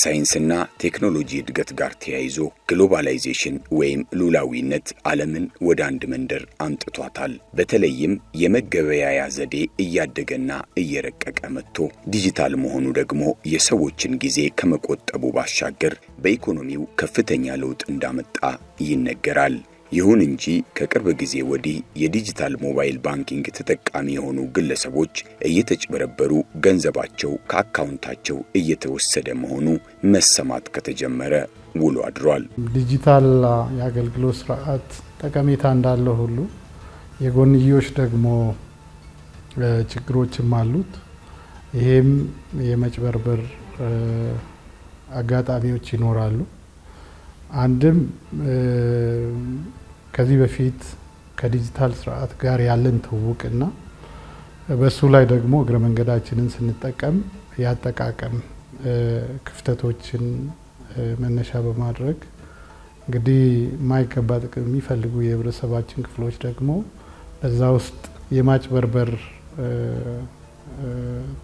ከሳይንስና ቴክኖሎጂ እድገት ጋር ተያይዞ ግሎባላይዜሽን ወይም ሉላዊነት ዓለምን ወደ አንድ መንደር አምጥቷታል። በተለይም የመገበያያ ዘዴ እያደገና እየረቀቀ መጥቶ ዲጂታል መሆኑ ደግሞ የሰዎችን ጊዜ ከመቆጠቡ ባሻገር በኢኮኖሚው ከፍተኛ ለውጥ እንዳመጣ ይነገራል። ይሁን እንጂ ከቅርብ ጊዜ ወዲህ የዲጂታል ሞባይል ባንኪንግ ተጠቃሚ የሆኑ ግለሰቦች እየተጭበረበሩ ገንዘባቸው ከአካውንታቸው እየተወሰደ መሆኑ መሰማት ከተጀመረ ውሎ አድሯል። ዲጂታል የአገልግሎት ስርዓት ጠቀሜታ እንዳለ ሁሉ የጎንዮሽ ደግሞ ችግሮችም አሉት። ይሄም የመጭበርበር አጋጣሚዎች ይኖራሉ። አንድም ከዚህ በፊት ከዲጂታል ስርዓት ጋር ያለን ትውውቅና በሱ ላይ ደግሞ እግረ መንገዳችንን ስንጠቀም ያጠቃቀም ክፍተቶችን መነሻ በማድረግ እንግዲህ የማይገባ ጥቅም የሚፈልጉ የህብረተሰባችን ክፍሎች ደግሞ በዛ ውስጥ የማጭበርበር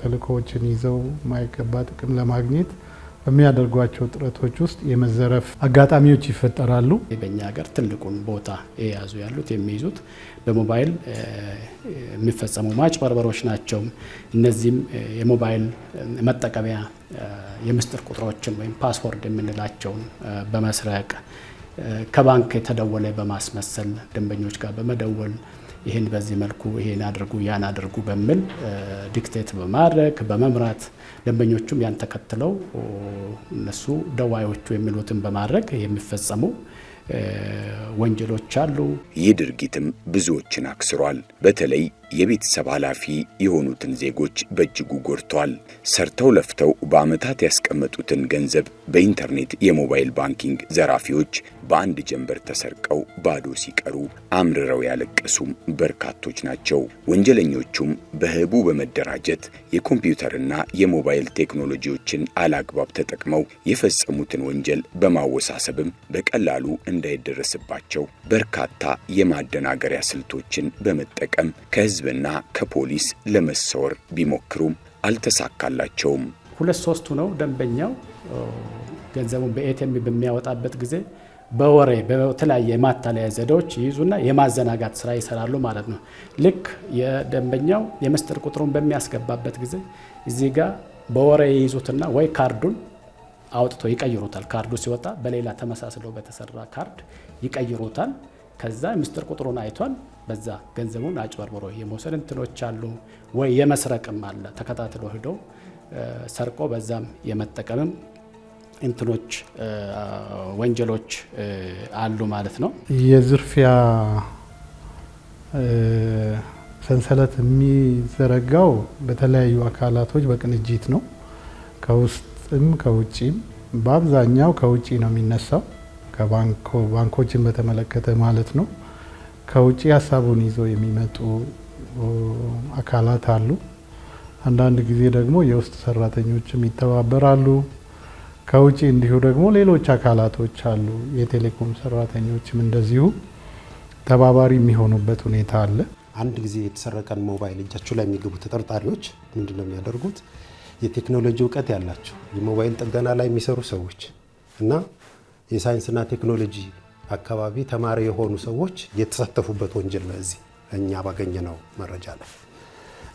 ተልእኮዎችን ይዘው የማይገባ ጥቅም ለማግኘት በሚያደርጓቸው ጥረቶች ውስጥ የመዘረፍ አጋጣሚዎች ይፈጠራሉ። በኛ ሀገር ትልቁን ቦታ የያዙ ያሉት የሚይዙት በሞባይል የሚፈጸሙ ማጭበርበሮች ናቸው። እነዚህም የሞባይል መጠቀሚያ የምስጢር ቁጥሮችን ወይም ፓስወርድ የምንላቸውን በመስረቅ ከባንክ የተደወለ በማስመሰል ደንበኞች ጋር በመደወል ይህን በዚህ መልኩ ይህን አድርጉ ያን አድርጉ በሚል ዲክቴት በማድረግ በመምራት ደንበኞቹም ያን ተከትለው እነሱ ደዋዮቹ የሚሉትን በማድረግ የሚፈጸሙ ወንጀሎች አሉ። ይህ ድርጊትም ብዙዎችን አክስሯል። በተለይ የቤተሰብ ኃላፊ የሆኑትን ዜጎች በእጅጉ ጎድቷል። ሰርተው ለፍተው በዓመታት ያስቀመጡትን ገንዘብ በኢንተርኔት የሞባይል ባንኪንግ ዘራፊዎች በአንድ ጀንበር ተሰርቀው ባዶ ሲቀሩ አምርረው ያለቀሱም በርካቶች ናቸው። ወንጀለኞቹም በህቡ በመደራጀት የኮምፒውተርና የሞባይል ቴክኖሎጂዎችን አላግባብ ተጠቅመው የፈጸሙትን ወንጀል በማወሳሰብም በቀላሉ እንዳይደረስባቸው በርካታ የማደናገሪያ ስልቶችን በመጠቀም ከህዝብና ከፖሊስ ለመሰወር ቢሞክሩም አልተሳካላቸውም። ሁለት ሶስቱ ነው ደንበኛው ገንዘቡን በኤቲኤም በሚያወጣበት ጊዜ በወሬ በተለያየ የማታለያ ዘዴዎች ይይዙና የማዘናጋት ስራ ይሰራሉ ማለት ነው። ልክ የደንበኛው የምስጢር ቁጥሩን በሚያስገባበት ጊዜ እዚህ ጋር በወሬ ይይዙትና ወይ ካርዱን አውጥቶ ይቀይሩታል። ካርዱ ሲወጣ በሌላ ተመሳስሎ በተሰራ ካርድ ይቀይሩታል። ከዛ ምስጢር ቁጥሩን አይቷል። በዛ ገንዘቡን አጭበርብሮ የመውሰድ እንትኖች አሉ፣ ወይ የመስረቅም አለ። ተከታትሎ ሂዶ ሰርቆ በዛም የመጠቀምም እንትኖች ወንጀሎች አሉ ማለት ነው። የዝርፊያ ሰንሰለት የሚዘረጋው በተለያዩ አካላቶች በቅንጅት ነው። ከውስጥም ከውጭም፣ በአብዛኛው ከውጭ ነው የሚነሳው። ከባንኮችን በተመለከተ ማለት ነው። ከውጭ ሀሳቡን ይዞ የሚመጡ አካላት አሉ። አንዳንድ ጊዜ ደግሞ የውስጥ ሰራተኞችም ይተባበራሉ። ከውጭ እንዲሁ ደግሞ ሌሎች አካላቶች አሉ። የቴሌኮም ሰራተኞችም እንደዚሁ ተባባሪ የሚሆኑበት ሁኔታ አለ። አንድ ጊዜ የተሰረቀን ሞባይል እጃቸው ላይ የሚገቡ ተጠርጣሪዎች ምንድን ነው የሚያደርጉት? የቴክኖሎጂ እውቀት ያላቸው የሞባይል ጥገና ላይ የሚሰሩ ሰዎች እና የሳይንስና ቴክኖሎጂ አካባቢ ተማሪ የሆኑ ሰዎች የተሳተፉበት ወንጀል ነው። እዚህ እኛ ነው መረጃ ላይ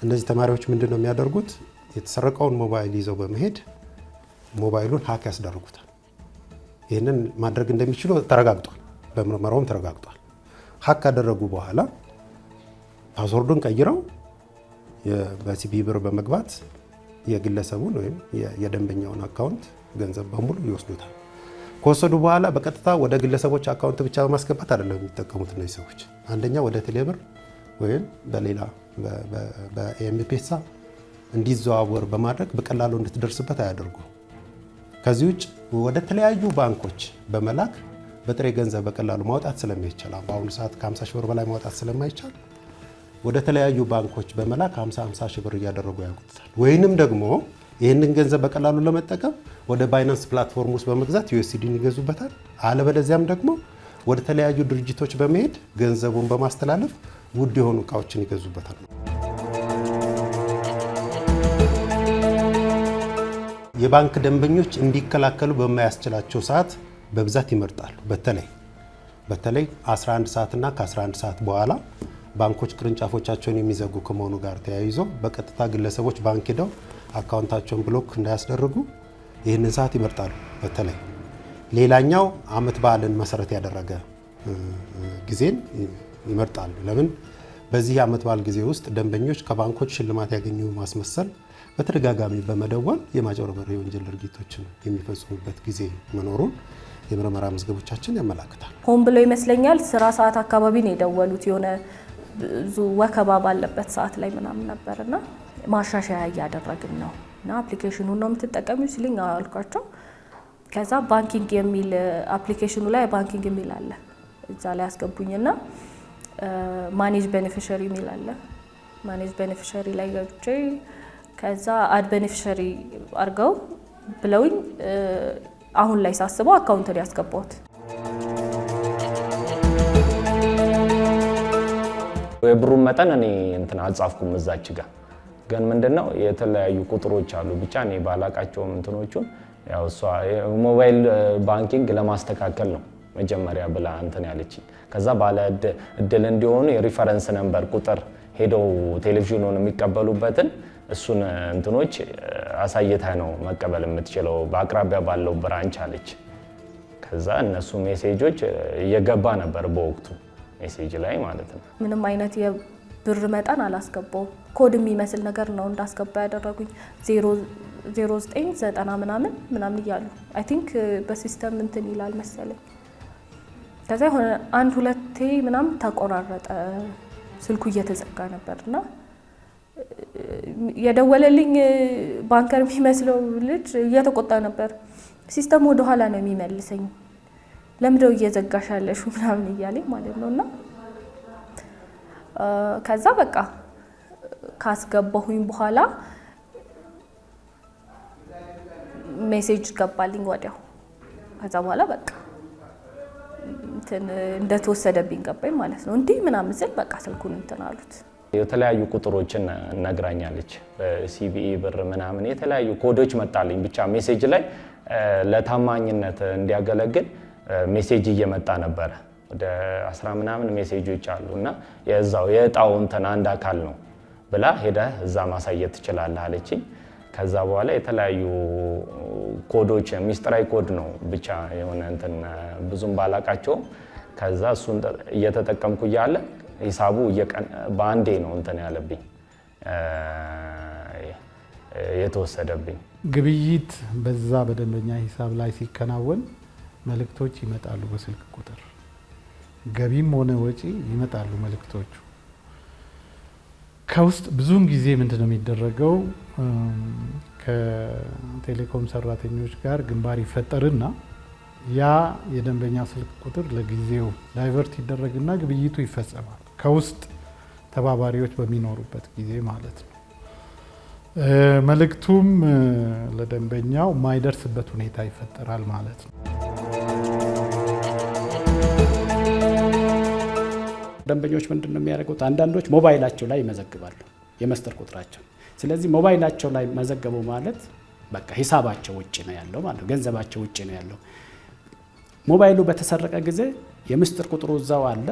እነዚህ ተማሪዎች ምንድን ነው የሚያደርጉት? የተሰረቀውን ሞባይል ይዘው በመሄድ ሞባይሉን ሀክ ያስደርጉታል። ይህንን ማድረግ እንደሚችሉ ተረጋግጧል፣ በምርመራውም ተረጋግጧል። ሀክ ካደረጉ በኋላ ፓስወርዱን ቀይረው በሲቢ ብር በመግባት የግለሰቡን ወይም የደንበኛውን አካውንት ገንዘብ በሙሉ ይወስዱታል። ከወሰዱ በኋላ በቀጥታ ወደ ግለሰቦች አካውንት ብቻ በማስገባት አይደለም የሚጠቀሙት እነዚህ ሰዎች። አንደኛ ወደ ቴሌብር ወይም በሌላ በኤምፔሳ እንዲዘዋወር በማድረግ በቀላሉ እንድትደርስበት አያደርጉም። ከዚህ ውጭ ወደ ተለያዩ ባንኮች በመላክ በጥሬ ገንዘብ በቀላሉ ማውጣት ስለማይቻል በአሁኑ ሰዓት ከ50 ሺህ ብር በላይ ማውጣት ስለማይቻል ወደ ተለያዩ ባንኮች በመላክ 50 50 ሺህ ብር እያደረጉ ያውቁታል። ወይንም ደግሞ ይህንን ገንዘብ በቀላሉ ለመጠቀም ወደ ባይናንስ ፕላትፎርም ውስጥ በመግዛት ዩኤስዲን ይገዙበታል። አለበለዚያም ደግሞ ወደ ተለያዩ ድርጅቶች በመሄድ ገንዘቡን በማስተላለፍ ውድ የሆኑ እቃዎችን ይገዙበታል። የባንክ ደንበኞች እንዲከላከሉ በማያስችላቸው ሰዓት በብዛት ይመርጣሉ። በተለይ በተለይ 11 ሰዓትና ከ11 ሰዓት በኋላ ባንኮች ቅርንጫፎቻቸውን የሚዘጉ ከመሆኑ ጋር ተያይዞ በቀጥታ ግለሰቦች ባንክ ሄደው አካውንታቸውን ብሎክ እንዳያስደርጉ ይህንን ሰዓት ይመርጣሉ። በተለይ ሌላኛው አመት በዓልን መሰረት ያደረገ ጊዜን ይመርጣሉ። ለምን? በዚህ ዓመት በዓል ጊዜ ውስጥ ደንበኞች ከባንኮች ሽልማት ያገኙ ማስመሰል በተደጋጋሚ በመደወል የማጭበርበር የወንጀል ድርጊቶችን የሚፈጽሙበት ጊዜ መኖሩን የምርመራ መዝገቦቻችን ያመላክታል። ሆን ብለው ይመስለኛል ስራ ሰዓት አካባቢ ነው የደወሉት። የሆነ ብዙ ወከባ ባለበት ሰዓት ላይ ምናምን ነበር እና ማሻሻያ እያደረግን ነው እና አፕሊኬሽኑ ነው የምትጠቀሚ ሲልኝ አልኳቸው። ከዛ ባንኪንግ የሚል አፕሊኬሽኑ ላይ ባንኪንግ የሚል አለ እዛ ላይ አስገቡኝና ማኔጅ ቤኔፊሸሪ የሚል አለ ማኔጅ ቤኔፊሸሪ ላይ ገብቼ ከዛ አድ ቤኔፊሸሪ አድርገው ብለውኝ አሁን ላይ ሳስበው አካውንትን ያስገባሁት። የብሩን መጠን እኔ እንትን አልጻፍኩም እዛች ጋር ግን ምንድነው የተለያዩ ቁጥሮች አሉ ብቻ እኔ ባላቃቸውም እንትኖቹን ያው እሷ ሞባይል ባንኪንግ ለማስተካከል ነው መጀመሪያ ብላ እንትን ያለችኝ። ከዛ ባለ እድል እንዲሆኑ የሪፈረንስ ነንበር ቁጥር ሄደው ቴሌቪዥኑን የሚቀበሉበትን እሱን እንትኖች አሳይተህ ነው መቀበል የምትችለው። በአቅራቢያ ባለው ብራንች አለች። ከዛ እነሱ ሜሴጆች እየገባ ነበር በወቅቱ ሜሴጅ ላይ ማለት ነው። ምንም አይነት የብር መጠን አላስገባውም። ኮድ የሚመስል ነገር ነው እንዳስገባ ያደረጉኝ 0990 ምናምን ምናምን እያሉ አይ ቲንክ በሲስተም እንትን ይላል መሰለኝ። ከዛ የሆነ አንድ ሁለቴ ምናምን ተቆራረጠ ስልኩ እየተዘጋ ነበር እና የደወለልኝ ባንከር የሚመስለው ልጅ እየተቆጣ ነበር። ሲስተም ወደኋላ ነው የሚመልሰኝ። ለምደው እየዘጋሽ ያለሽ ምናምን እያለኝ ማለት ነው እና ከዛ በቃ ካስገባሁኝ በኋላ ሜሴጅ ገባልኝ ወዲያው። ከዛ በኋላ በቃ እንትን እንደተወሰደብኝ ገባኝ ማለት ነው። እንዲህ ምናምን ስል በቃ ስልኩን እንትን አሉት። የተለያዩ ቁጥሮችን ነግራኛለች። በሲቢኢ ብር ምናምን የተለያዩ ኮዶች መጣልኝ። ብቻ ሜሴጅ ላይ ለታማኝነት እንዲያገለግል ሜሴጅ እየመጣ ነበረ። ወደ አስራ ምናምን ሜሴጆች አሉ እና የዛው የእጣው እንትን አንድ አካል ነው ብላ ሄደህ እዛ ማሳየት ትችላለህ አለችኝ። ከዛ በኋላ የተለያዩ ኮዶች ሚስጥራዊ ኮድ ነው ብቻ የሆነ እንትን ብዙም ባላቃቸውም ከዛ እሱን እየተጠቀምኩ እያለ ሂሳቡ በአንዴ ነው እንትን ያለብኝ የተወሰደብኝ። ግብይት በዛ በደንበኛ ሂሳብ ላይ ሲከናወን መልእክቶች ይመጣሉ። በስልክ ቁጥር ገቢም ሆነ ወጪ ይመጣሉ መልእክቶቹ። ከውስጥ ብዙውን ጊዜ ምንድን ነው የሚደረገው? ከቴሌኮም ሰራተኞች ጋር ግንባር ይፈጠርና ያ የደንበኛ ስልክ ቁጥር ለጊዜው ዳይቨርት ይደረግና ግብይቱ ይፈጸማል። ከውስጥ ተባባሪዎች በሚኖሩበት ጊዜ ማለት ነው። መልእክቱም ለደንበኛው የማይደርስበት ሁኔታ ይፈጠራል ማለት ነው። ደንበኞች ምንድን ነው የሚያደርጉት? አንዳንዶች ሞባይላቸው ላይ ይመዘግባሉ የመስጠር ቁጥራቸው። ስለዚህ ሞባይላቸው ላይ መዘገበው ማለት በቃ ሂሳባቸው ውጭ ነው ያለው ማለት ነው። ገንዘባቸው ውጭ ነው ያለው ሞባይሉ በተሰረቀ ጊዜ የምስጢር ቁጥሩ እዛው አለ።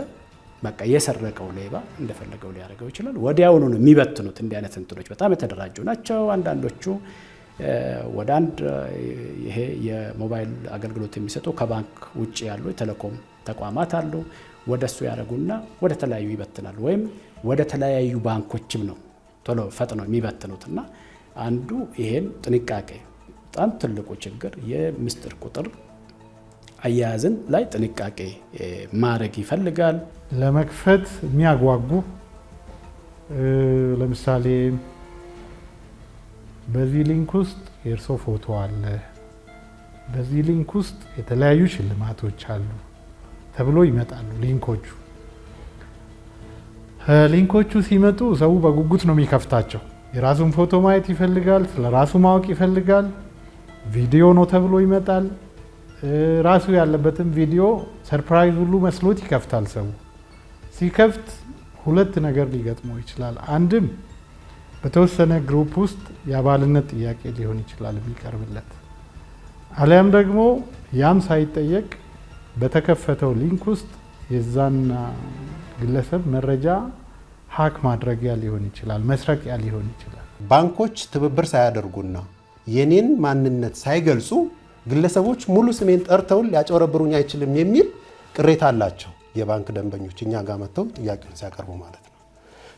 በቃ የሰረቀው ሌባ እንደፈለገው ሊያደርገው ይችላል። ወዲያውኑ ነው የሚበትኑት። እንዲህ አይነት እንትኖች በጣም የተደራጁ ናቸው። አንዳንዶቹ ወደ አንድ ይሄ የሞባይል አገልግሎት የሚሰጡ ከባንክ ውጭ ያሉ የቴሌኮም ተቋማት አሉ። ወደ እሱ ያደረጉና ወደ ተለያዩ ይበትናሉ። ወይም ወደ ተለያዩ ባንኮችም ነው ቶሎ የሚበትኑት የሚበትኑትና አንዱ ይሄን ጥንቃቄ በጣም ትልቁ ችግር የምስጢር ቁጥር አያያዝን ላይ ጥንቃቄ ማድረግ ይፈልጋል። ለመክፈት የሚያጓጉ ለምሳሌ በዚህ ሊንክ ውስጥ የእርሶ ፎቶ አለ፣ በዚህ ሊንክ ውስጥ የተለያዩ ሽልማቶች አሉ ተብሎ ይመጣሉ ሊንኮቹ። ሊንኮቹ ሲመጡ ሰው በጉጉት ነው የሚከፍታቸው። የራሱን ፎቶ ማየት ይፈልጋል፣ ስለ ራሱ ማወቅ ይፈልጋል። ቪዲዮ ነው ተብሎ ይመጣል። ራሱ ያለበትን ቪዲዮ ሰርፕራይዝ ሁሉ መስሎት ይከፍታል። ሰው ሲከፍት ሁለት ነገር ሊገጥመው ይችላል። አንድም በተወሰነ ግሩፕ ውስጥ የአባልነት ጥያቄ ሊሆን ይችላል የሚቀርብለት፣ አሊያም ደግሞ ያም ሳይጠየቅ በተከፈተው ሊንክ ውስጥ የዛን ግለሰብ መረጃ ሀክ ማድረጊያ ሊሆን ይችላል፣ መስረቂያ ሊሆን ይችላል። ባንኮች ትብብር ሳያደርጉና የኔን ማንነት ሳይገልጹ ግለሰቦች ሙሉ ስሜን ጠርተውን ሊያጨበረብሩኝ አይችልም የሚል ቅሬታ አላቸው። የባንክ ደንበኞች እኛ ጋር መጥተው ጥያቄውን ሲያቀርቡ ማለት ነው።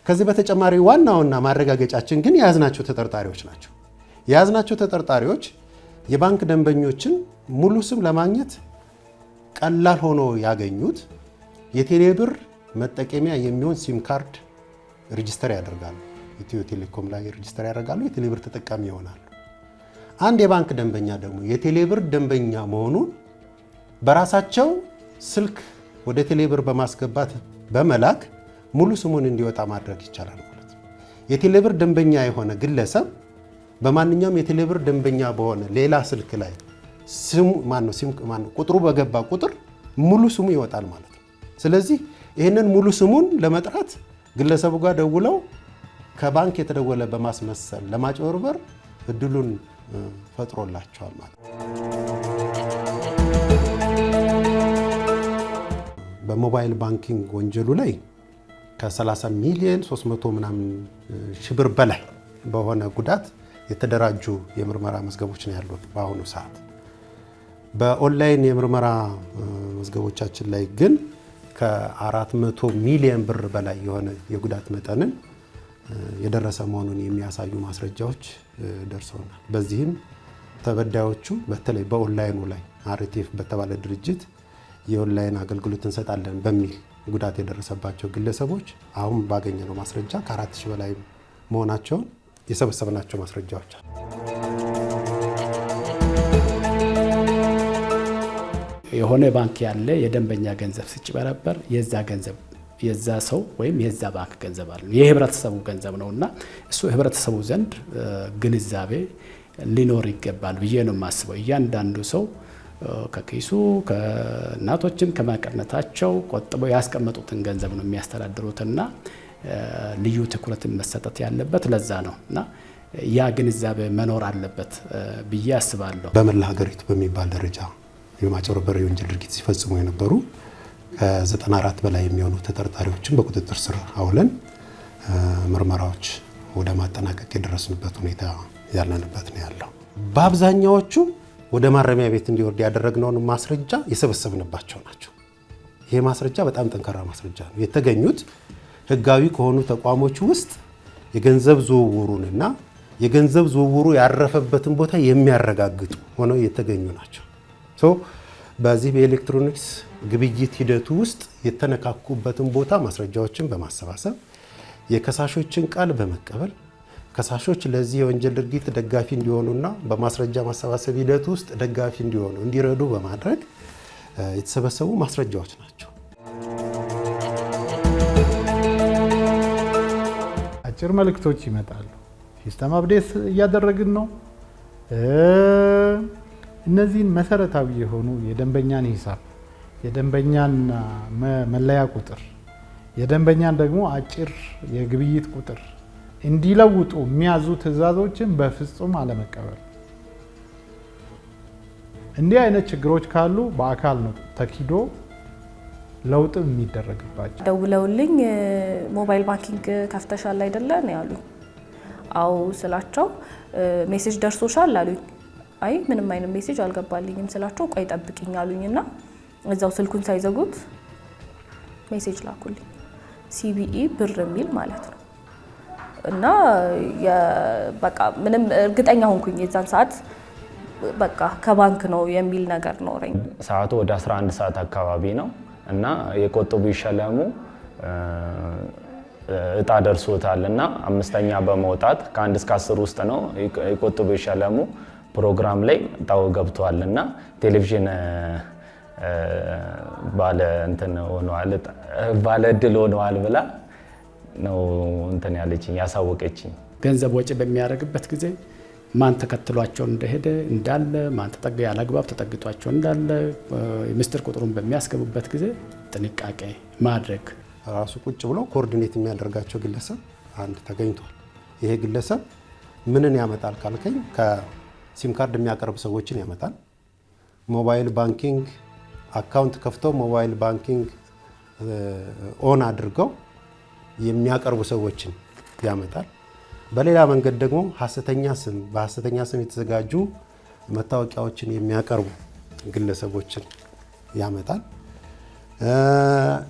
ከዚህ በተጨማሪ ዋናውና ማረጋገጫችን ግን የያዝናቸው ተጠርጣሪዎች ናቸው። የያዝናቸው ተጠርጣሪዎች የባንክ ደንበኞችን ሙሉ ስም ለማግኘት ቀላል ሆኖ ያገኙት የቴሌብር መጠቀሚያ የሚሆን ሲም ካርድ ሬጅስተር ያደርጋሉ። ኢትዮ ቴሌኮም ላይ ሬጅስተር ያደርጋሉ። የቴሌብር ተጠቃሚ ይሆናሉ። አንድ የባንክ ደንበኛ ደግሞ የቴሌብር ደንበኛ መሆኑን በራሳቸው ስልክ ወደ ቴሌብር በማስገባት በመላክ ሙሉ ስሙን እንዲወጣ ማድረግ ይቻላል ማለት ነው። የቴሌብር ደንበኛ የሆነ ግለሰብ በማንኛውም የቴሌብር ደንበኛ በሆነ ሌላ ስልክ ላይ ስሙ ማነው ሲም ማነው ቁጥሩ በገባ ቁጥር ሙሉ ስሙ ይወጣል ማለት ነው። ስለዚህ ይህንን ሙሉ ስሙን ለመጥራት ግለሰቡ ጋር ደውለው ከባንክ የተደወለ በማስመሰል ለማጭበርበር እድሉን ፈጥሮላቸዋል ማለት በሞባይል ባንኪንግ ወንጀሉ ላይ ከ30 ሚሊዮን 300 ምናምን ሺህ ብር በላይ በሆነ ጉዳት የተደራጁ የምርመራ መዝገቦች ነው ያሉት በአሁኑ ሰዓት። በኦንላይን የምርመራ መዝገቦቻችን ላይ ግን ከ400 ሚሊዮን ብር በላይ የሆነ የጉዳት መጠንን የደረሰ መሆኑን የሚያሳዩ ማስረጃዎች ደርሰውናል። በዚህም ተበዳዮቹ በተለይ በኦንላይኑ ላይ አርቲፍ በተባለ ድርጅት የኦንላይን አገልግሎት እንሰጣለን በሚል ጉዳት የደረሰባቸው ግለሰቦች አሁን ባገኘነው ማስረጃ ከአራት ሺህ በላይ መሆናቸውን የሰበሰብናቸው ማስረጃዎች አሉ። የሆነ ባንክ ያለ የደንበኛ ገንዘብ ሲጭበረበር የዛ ገንዘብ የዛ ሰው ወይም የዛ ባንክ ገንዘብ አለ የህብረተሰቡ ገንዘብ ነው እና እሱ ህብረተሰቡ ዘንድ ግንዛቤ ሊኖር ይገባል ብዬ ነው የማስበው። እያንዳንዱ ሰው ከኪሱ ከእናቶችም ከመቀነታቸው ቆጥበው ያስቀመጡትን ገንዘብ ነው የሚያስተዳድሩትና ልዩ ትኩረትን መሰጠት ያለበት ለዛ ነው እና ያ ግንዛቤ መኖር አለበት ብዬ አስባለሁ። በመላ ሀገሪቱ በሚባል ደረጃ የማጭበርበር የወንጀል ድርጊት ሲፈጽሙ የነበሩ ከ94 በላይ የሚሆኑ ተጠርጣሪዎችን በቁጥጥር ስር አውለን ምርመራዎች ወደ ማጠናቀቅ የደረስንበት ሁኔታ ያለንበት ነው ያለው። በአብዛኛዎቹ ወደ ማረሚያ ቤት እንዲወርድ ያደረግነውን ማስረጃ የሰበሰብንባቸው ናቸው። ይሄ ማስረጃ በጣም ጠንካራ ማስረጃ ነው። የተገኙት ህጋዊ ከሆኑ ተቋሞች ውስጥ የገንዘብ ዝውውሩንና የገንዘብ ዝውውሩ ያረፈበትን ቦታ የሚያረጋግጡ ሆነው የተገኙ ናቸው። በዚህ በኤሌክትሮኒክስ ግብይት ሂደቱ ውስጥ የተነካኩበትን ቦታ ማስረጃዎችን በማሰባሰብ የከሳሾችን ቃል በመቀበል ከሳሾች ለዚህ የወንጀል ድርጊት ደጋፊ እንዲሆኑና በማስረጃ ማሰባሰብ ሂደት ውስጥ ደጋፊ እንዲሆኑ እንዲረዱ በማድረግ የተሰበሰቡ ማስረጃዎች ናቸው። አጭር መልእክቶች ይመጣሉ። ሲስተም አብዴት እያደረግን ነው። እነዚህን መሰረታዊ የሆኑ የደንበኛን ሂሳብ የደንበኛን መለያ ቁጥር የደንበኛን ደግሞ አጭር የግብይት ቁጥር እንዲለውጡ የሚያዙ ትዕዛዞችን በፍጹም አለመቀበል። እንዲህ አይነት ችግሮች ካሉ በአካል ነው ተኪዶ ለውጥ የሚደረግባቸው። ደውለውልኝ ሞባይል ባንኪንግ ከፍተሻል አይደለን ያሉ፣ አዎ ስላቸው ሜሴጅ ደርሶሻል አሉኝ። አይ ምንም አይነት ሜሴጅ አልገባልኝም ስላቸው ቆይ ጠብቅኝ አሉኝና እዛው ስልኩን ሳይዘጉት ሜሴጅ ላኩልኝ። ሲቢኢ ብር የሚል ማለት ነው። እና በቃ ምንም እርግጠኛ ሆንኩኝ የዛን ሰዓት በቃ ከባንክ ነው የሚል ነገር ኖረኝ። ሰዓቱ ወደ 11 ሰዓት አካባቢ ነው እና የቆጥቡ ይሸለሙ እጣ ደርሶታል እና አምስተኛ በመውጣት ከአንድ እስከ አስር ውስጥ ነው የቆጥቡ ይሸለሙ ፕሮግራም ላይ እጣው ገብቷል እና ቴሌቪዥን ባለ እንትን ሆነዋል ባለ እድል ሆነዋል ብላ ነው እንትን ያለችኝ ያሳወቀችኝ። ገንዘብ ወጪ በሚያደርግበት ጊዜ ማን ተከትሏቸው እንደሄደ እንዳለ ማን ተጠግ ያለአግባብ ተጠግቷቸው እንዳለ የምስጢር ቁጥሩን በሚያስገቡበት ጊዜ ጥንቃቄ ማድረግ ራሱ ቁጭ ብሎ ኮኦርዲኔት የሚያደርጋቸው ግለሰብ አንድ ተገኝቷል። ይሄ ግለሰብ ምንን ያመጣል ካልከኝ ከሲም ካርድ የሚያቀርብ ሰዎችን ያመጣል። ሞባይል ባንኪንግ አካውንት ከፍተው ሞባይል ባንኪንግ ኦን አድርገው የሚያቀርቡ ሰዎችን ያመጣል። በሌላ መንገድ ደግሞ ሐሰተኛ ስም በሐሰተኛ ስም የተዘጋጁ መታወቂያዎችን የሚያቀርቡ ግለሰቦችን ያመጣል።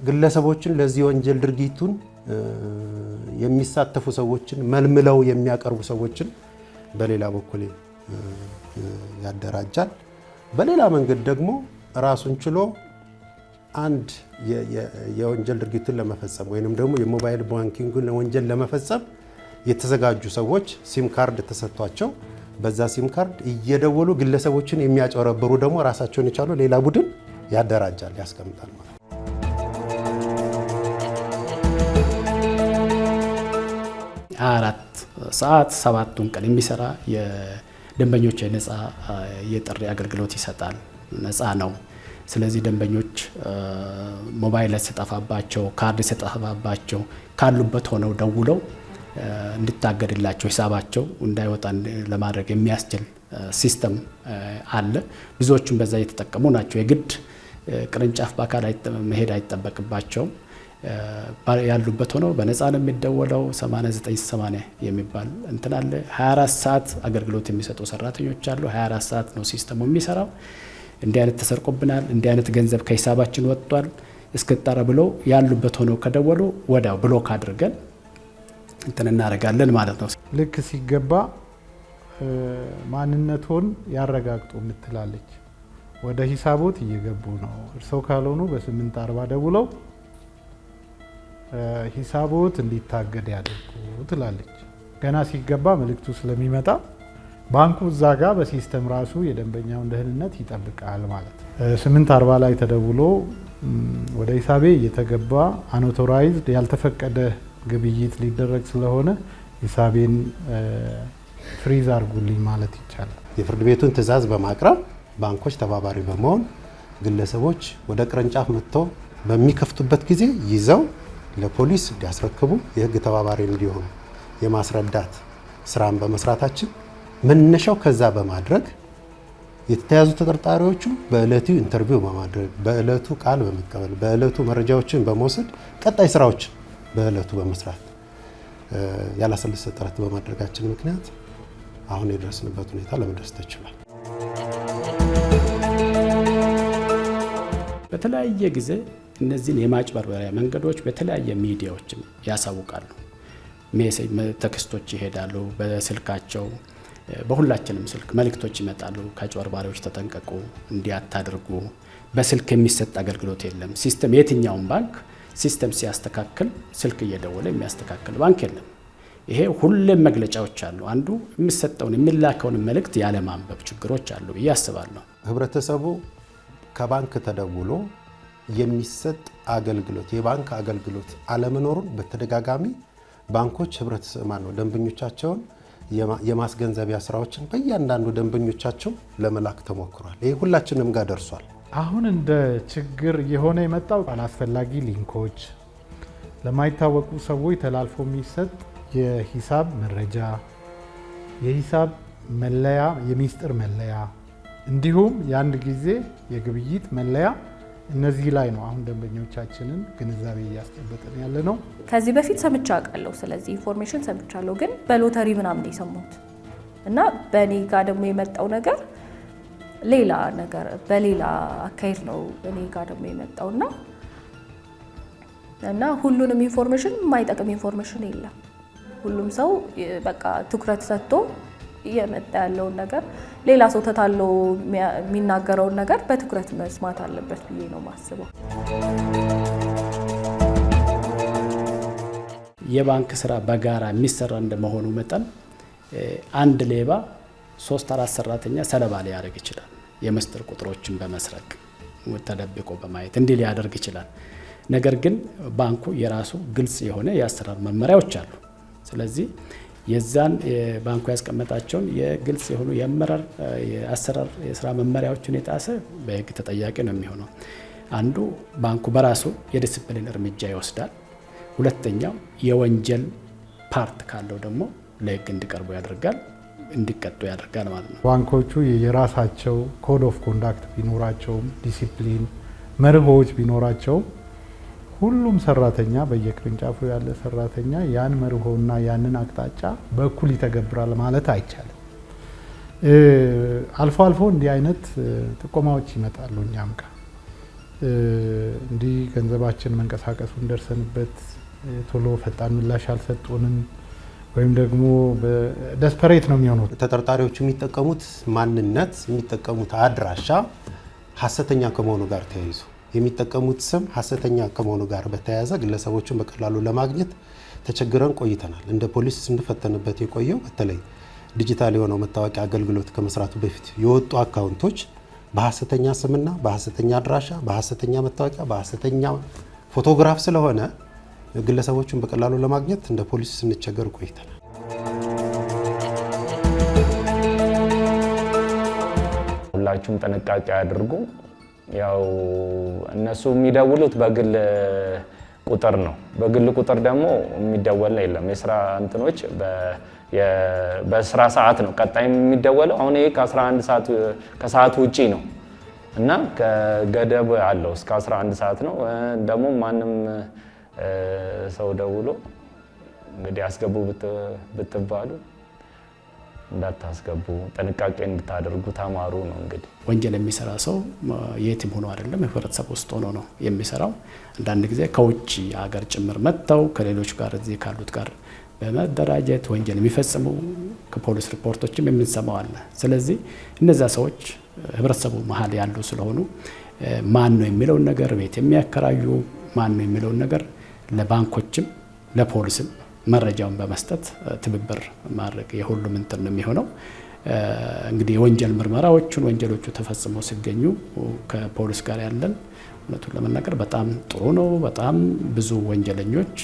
ግለሰቦችን ለዚህ ወንጀል ድርጊቱን የሚሳተፉ ሰዎችን መልምለው የሚያቀርቡ ሰዎችን በሌላ በኩል ያደራጃል። በሌላ መንገድ ደግሞ ራሱን ችሎ አንድ የወንጀል ድርጊቱን ለመፈጸም ወይንም ደግሞ የሞባይል ባንኪንግን ወንጀል ለመፈጸም የተዘጋጁ ሰዎች ሲም ካርድ ተሰጥቷቸው በዛ ሲም ካርድ እየደወሉ ግለሰቦችን የሚያጨረብሩ ደግሞ ራሳቸውን የቻሉ ሌላ ቡድን ያደራጃል፣ ያስቀምጣል ማለት ነው። አራት ሰዓት ሰባቱን ቀን የሚሰራ የደንበኞች የነፃ የጥሪ አገልግሎት ይሰጣል። ነፃ ነው። ስለዚህ ደንበኞች ሞባይል ሲጠፋባቸው፣ ካርድ ሲጠፋባቸው ካሉበት ሆነው ደውለው እንዲታገድላቸው ሂሳባቸው እንዳይወጣ ለማድረግ የሚያስችል ሲስተም አለ። ብዙዎቹም በዛ እየተጠቀሙ ናቸው። የግድ ቅርንጫፍ በአካል መሄድ አይጠበቅባቸውም። ያሉበት ሆነው በነፃ ነው የሚደወለው። 8980 የሚባል እንትን አለ። 24 ሰዓት አገልግሎት የሚሰጡ ሰራተኞች አሉ። 24 ሰዓት ነው ሲስተሙ የሚሰራው። እንዲህ አይነት ተሰርቆብናል፣ እንዲህ አይነት ገንዘብ ከሂሳባችን ወጥቷል እስክጣረ ብሎ ያሉበት ሆነው ከደወሉ ወዲያው ብሎክ አድርገን እንትን እናደርጋለን ማለት ነው። ልክ ሲገባ ማንነቱን ያረጋግጡ ምትላለች። ወደ ሂሳቦት እየገቡ ነው እርስዎ ካልሆኑ በስምንት አርባ ደውለው ሂሳቦት እንዲታገድ ያደርጉ ትላለች። ገና ሲገባ መልእክቱ ስለሚመጣ ባንኩ እዛ ጋር በሲስተም ራሱ የደንበኛውን ደህንነት ይጠብቃል ማለት ነው። ስምንት አርባ ላይ ተደውሎ ወደ ሂሳቤ እየተገባ አንኦቶራይዝድ ያልተፈቀደ ግብይት ሊደረግ ስለሆነ ሂሳቤን ፍሪዝ አርጉልኝ ማለት ይቻላል። የፍርድ ቤቱን ትዕዛዝ በማቅረብ ባንኮች ተባባሪ በመሆን ግለሰቦች ወደ ቅርንጫፍ መጥተው በሚከፍቱበት ጊዜ ይዘው ለፖሊስ እንዲያስረክቡ የህግ ተባባሪ እንዲሆኑ የማስረዳት ስራን በመስራታችን መነሻው ከዛ በማድረግ የተያዙ ተጠርጣሪዎቹ በእለቱ ኢንተርቪው በማድረግ በእለቱ ቃል በመቀበል በእለቱ መረጃዎችን በመውሰድ ቀጣይ ስራዎች በእለቱ በመስራት ያላሰለሰ ጥረት በማድረጋችን ምክንያት አሁን የደረስንበት ሁኔታ ለመድረስ ተችሏል። በተለያየ ጊዜ እነዚህን የማጭበርበሪያ መንገዶች በተለያየ ሚዲያዎችም ያሳውቃሉ። ሜሴጅ ተክስቶች ይሄዳሉ በስልካቸው በሁላችንም ስልክ መልእክቶች ይመጣሉ። ከአጭበርባሪዎች ተጠንቀቁ፣ እንዲያታድርጉ በስልክ የሚሰጥ አገልግሎት የለም። ሲስተም የትኛውን ባንክ ሲስተም ሲያስተካክል ስልክ እየደወለ የሚያስተካክል ባንክ የለም። ይሄ ሁሌም መግለጫዎች አሉ። አንዱ የሚሰጠውን የሚላከውን መልእክት ያለማንበብ ችግሮች አሉ ብዬ አስባለሁ። ህብረተሰቡ ከባንክ ተደውሎ የሚሰጥ አገልግሎት የባንክ አገልግሎት አለመኖሩን በተደጋጋሚ ባንኮች ህብረተሰብ ማነው ደንበኞቻቸውን የማስገንዘቢያ ስራዎችን በእያንዳንዱ ደንበኞቻቸው ለመላክ ተሞክሯል። ይህ ሁላችንም ጋር ደርሷል። አሁን እንደ ችግር የሆነ የመጣው አላስፈላጊ ሊንኮች፣ ለማይታወቁ ሰዎች ተላልፎ የሚሰጥ የሂሳብ መረጃ፣ የሂሳብ መለያ፣ የሚስጥር መለያ እንዲሁም የአንድ ጊዜ የግብይት መለያ እነዚህ ላይ ነው አሁን ደንበኞቻችንን ግንዛቤ እያስጨበጥን ያለ ነው። ከዚህ በፊት ሰምቻ አውቃለሁ፣ ስለዚህ ኢንፎርሜሽን ሰምቻለሁ፣ ግን በሎተሪ ምናምን የሰሙት እና በእኔ ጋር ደግሞ የመጣው ነገር ሌላ ነገር በሌላ አካሄድ ነው እኔ ጋር ደግሞ የመጣው እና እና ሁሉንም ኢንፎርሜሽን የማይጠቅም ኢንፎርሜሽን የለም። ሁሉም ሰው በቃ ትኩረት ሰጥቶ እየመጣ ያለውን ነገር ሌላ ሰው ተታሎ የሚናገረውን ነገር በትኩረት መስማት አለበት ብዬ ነው ማስበው። የባንክ ስራ በጋራ የሚሰራ እንደመሆኑ መጠን አንድ ሌባ ሶስት አራት ሰራተኛ ሰለባ ሊያደርግ ይችላል። የምስጢር ቁጥሮችን በመስረቅ ተደብቆ በማየት እንዲህ ሊያደርግ ይችላል። ነገር ግን ባንኩ የራሱ ግልጽ የሆነ የአሰራር መመሪያዎች አሉ። ስለዚህ የዛን ባንኩ ያስቀመጣቸውን የግልጽ የሆኑ የአመራር የአሰራር የስራ መመሪያዎችን የጣሰ በህግ ተጠያቂ ነው የሚሆነው። አንዱ ባንኩ በራሱ የዲስፕሊን እርምጃ ይወስዳል። ሁለተኛው የወንጀል ፓርት ካለው ደግሞ ለህግ እንዲቀርቡ ያደርጋል፣ እንዲቀጡ ያደርጋል ማለት ነው። ባንኮቹ የራሳቸው ኮድ ኦፍ ኮንዳክት ቢኖራቸውም ዲሲፕሊን መርሆዎች ቢኖራቸውም ሁሉም ሰራተኛ በየቅርንጫፉ ያለ ሰራተኛ ያን መርሆና ያንን አቅጣጫ በኩል ይተገብራል ማለት አይቻልም። አልፎ አልፎ እንዲህ አይነት ጥቆማዎች ይመጣሉ። እኛም ጋር እንዲህ ገንዘባችን መንቀሳቀሱን ደርሰንበት ቶሎ ፈጣን ምላሽ አልሰጡንም ወይም ደግሞ ደስፐሬት ነው የሚሆኑት። ተጠርጣሪዎቹ የሚጠቀሙት ማንነት የሚጠቀሙት አድራሻ ሀሰተኛ ከመሆኑ ጋር ተያይዞ የሚጠቀሙት ስም ሀሰተኛ ከመሆኑ ጋር በተያያዘ ግለሰቦችን በቀላሉ ለማግኘት ተቸግረን ቆይተናል። እንደ ፖሊስ ስንፈተንበት የቆየው በተለይ ዲጂታል የሆነው መታወቂያ አገልግሎት ከመስራቱ በፊት የወጡ አካውንቶች በሀሰተኛ ስምና በሀሰተኛ አድራሻ፣ በሀሰተኛ መታወቂያ፣ በሀሰተኛ ፎቶግራፍ ስለሆነ ግለሰቦችን በቀላሉ ለማግኘት እንደ ፖሊስ ስንቸገር ቆይተናል። ሁላችሁም ጥንቃቄ አድርጉ። ያው እነሱ የሚደውሉት በግል ቁጥር ነው። በግል ቁጥር ደግሞ የሚደወል የለም። የስራ እንትኖች በስራ ሰዓት ነው ቀጣይ የሚደወለው። አሁን ይሄ ከ11 ሰዓት ከሰዓት ውጪ ነው እና ከገደብ አለው እስከ 11 ሰዓት ነው። ደግሞ ማንም ሰው ደውሎ እንግዲህ አስገቡ ብትባሉ እንዳታስገቡ ጥንቃቄ እንድታደርጉ ተማሩ ነው። እንግዲህ ወንጀል የሚሰራ ሰው የትም ሆኖ አይደለም፣ ህብረተሰብ ውስጥ ሆኖ ነው የሚሰራው። አንዳንድ ጊዜ ከውጭ ሀገር ጭምር መጥተው ከሌሎች ጋር እዚህ ካሉት ጋር በመደራጀት ወንጀል የሚፈጽሙ ከፖሊስ ሪፖርቶችም የምንሰማው አለ። ስለዚህ እነዚያ ሰዎች ህብረተሰቡ መሀል ያሉ ስለሆኑ ማን ነው የሚለውን ነገር ቤት የሚያከራዩ ማን ነው የሚለውን ነገር ለባንኮችም ለፖሊስም መረጃውን በመስጠት ትብብር ማድረግ የሁሉም እንትን ነው የሚሆነው። እንግዲህ የወንጀል ምርመራዎቹን ወንጀሎቹ ተፈጽመው ሲገኙ ከፖሊስ ጋር ያለን እውነቱን ለመናገር በጣም ጥሩ ነው። በጣም ብዙ ወንጀለኞች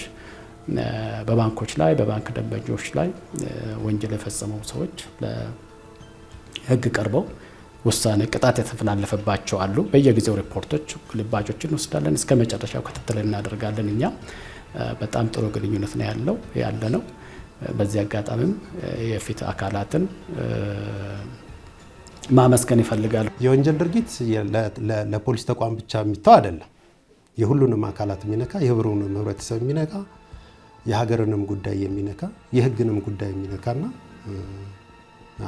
በባንኮች ላይ በባንክ ደንበኞች ላይ ወንጀል የፈጸመው ሰዎች ለህግ ቀርበው ውሳኔ ቅጣት የተፈላለፈባቸው አሉ። በየጊዜው ሪፖርቶች ልባጮችን እንወስዳለን። እስከ መጨረሻው ክትትል እናደርጋለን እኛ በጣም ጥሩ ግንኙነት ነው ያለው ያለ ነው። በዚህ አጋጣሚም የፊት አካላትን ማመስገን ይፈልጋሉ። የወንጀል ድርጊት ለፖሊስ ተቋም ብቻ የሚተው አይደለም። የሁሉንም አካላት የሚነካ የህብሩንም ህብረተሰብ የሚነካ የሀገርንም ጉዳይ የሚነካ የህግንም ጉዳይ የሚነካና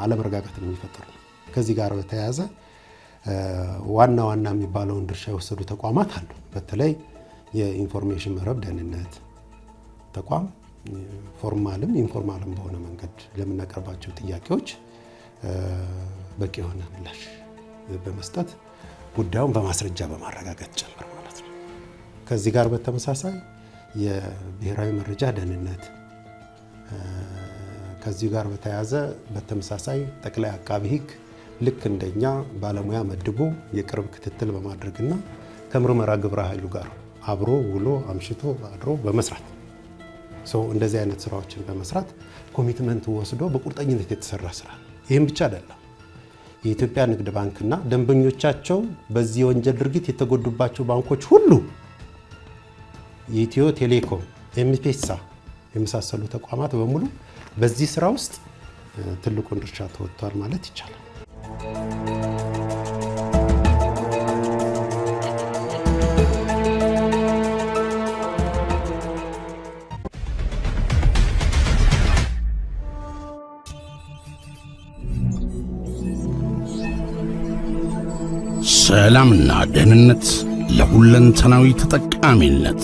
አለመረጋጋትን የሚፈጥር ነው። ከዚህ ጋር በተያያዘ ዋና ዋና የሚባለውን ድርሻ የወሰዱ ተቋማት አሉ። በተለይ የኢንፎርሜሽን መረብ ደህንነት ተቋም ፎርማልም ኢንፎርማልም በሆነ መንገድ ለምናቀርባቸው ጥያቄዎች በቂ የሆነ ምላሽ በመስጠት ጉዳዩን በማስረጃ በማረጋገጥ ጭምር ማለት ነው። ከዚህ ጋር በተመሳሳይ የብሔራዊ መረጃ ደህንነት ከዚህ ጋር በተያያዘ በተመሳሳይ ጠቅላይ አቃቢ ሕግ ልክ እንደኛ ባለሙያ መድቦ የቅርብ ክትትል በማድረግና ከምርመራ ግብረ ኃይሉ ጋር አብሮ ውሎ አምሽቶ አድሮ በመስራት ሰው እንደዚህ አይነት ስራዎችን በመስራት ኮሚትመንት ወስዶ በቁርጠኝነት የተሰራ ስራ። ይህም ብቻ አይደለም። የኢትዮጵያ ንግድ ባንክና ደንበኞቻቸው በዚህ የወንጀል ድርጊት የተጎዱባቸው ባንኮች ሁሉ የኢትዮ ቴሌኮም፣ ኤምፔሳ የመሳሰሉ ተቋማት በሙሉ በዚህ ስራ ውስጥ ትልቁን ድርሻ ተወጥቷል ማለት ይቻላል። ሰላምና ደህንነት ለሁለንተናዊ ተጠቃሚነት